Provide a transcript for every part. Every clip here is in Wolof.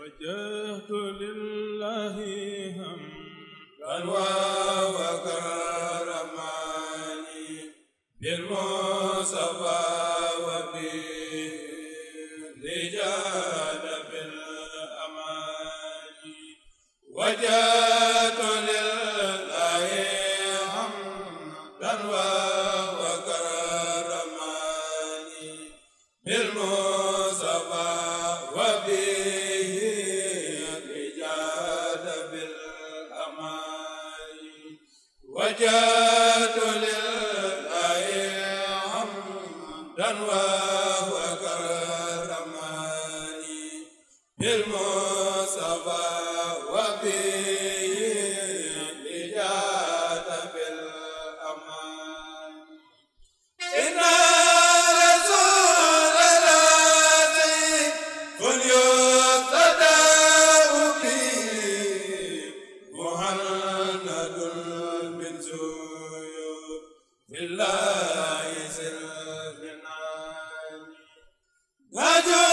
وجهت لله حمدا وكرماني بالمصطفى a Badoo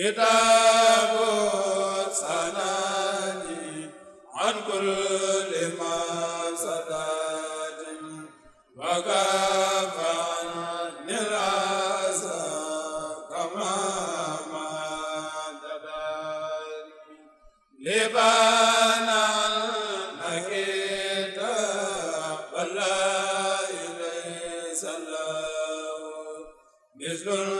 Yes, no, no.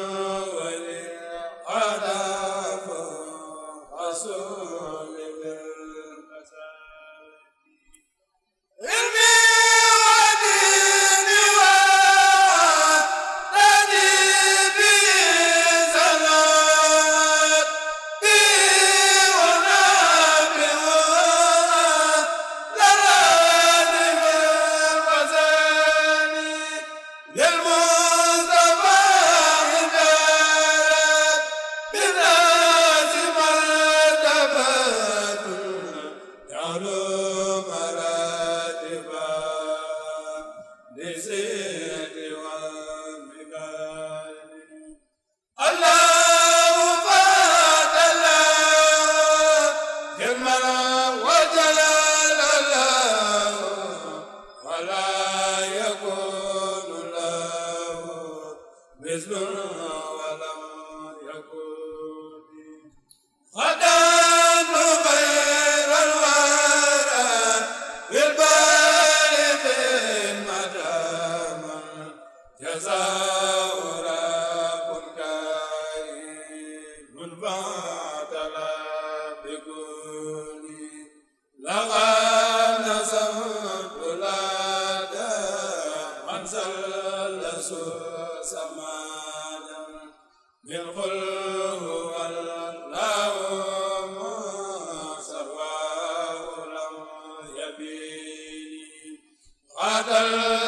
adal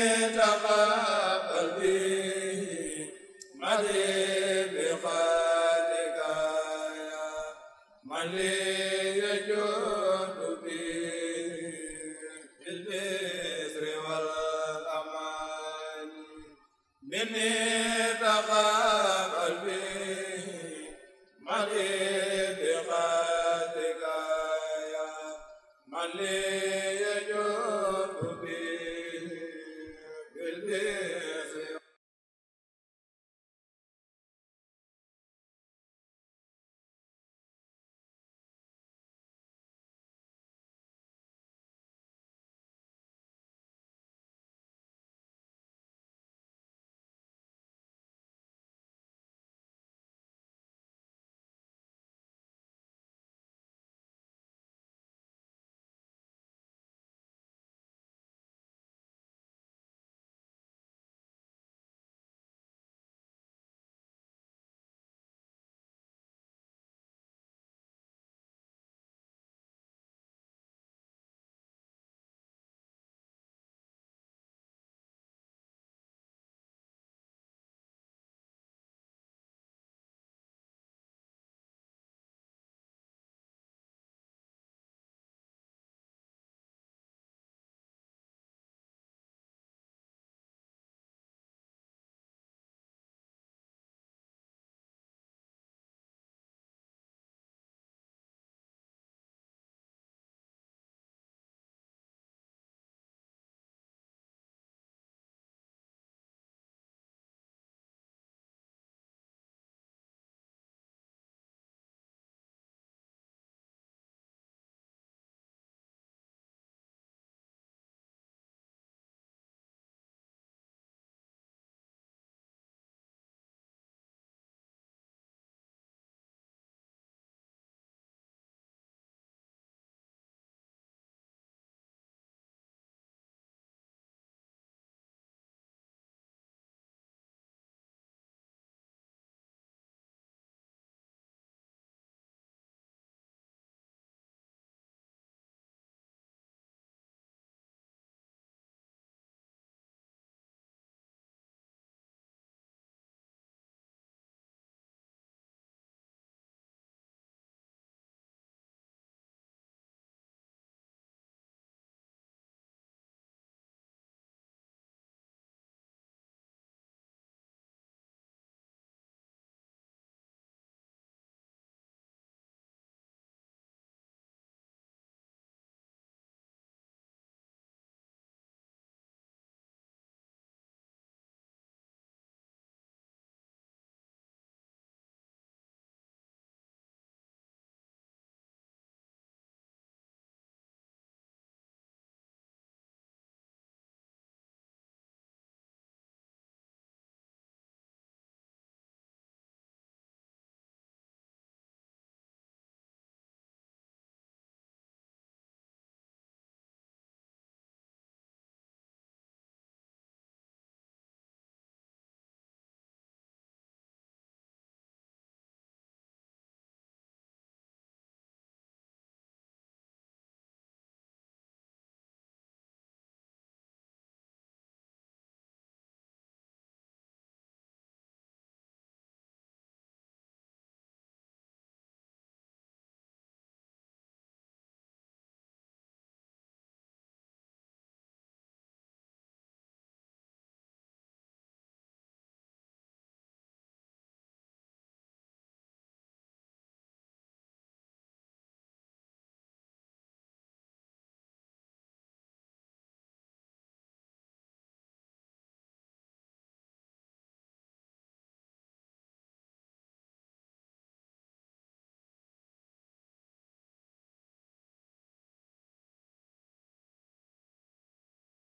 mene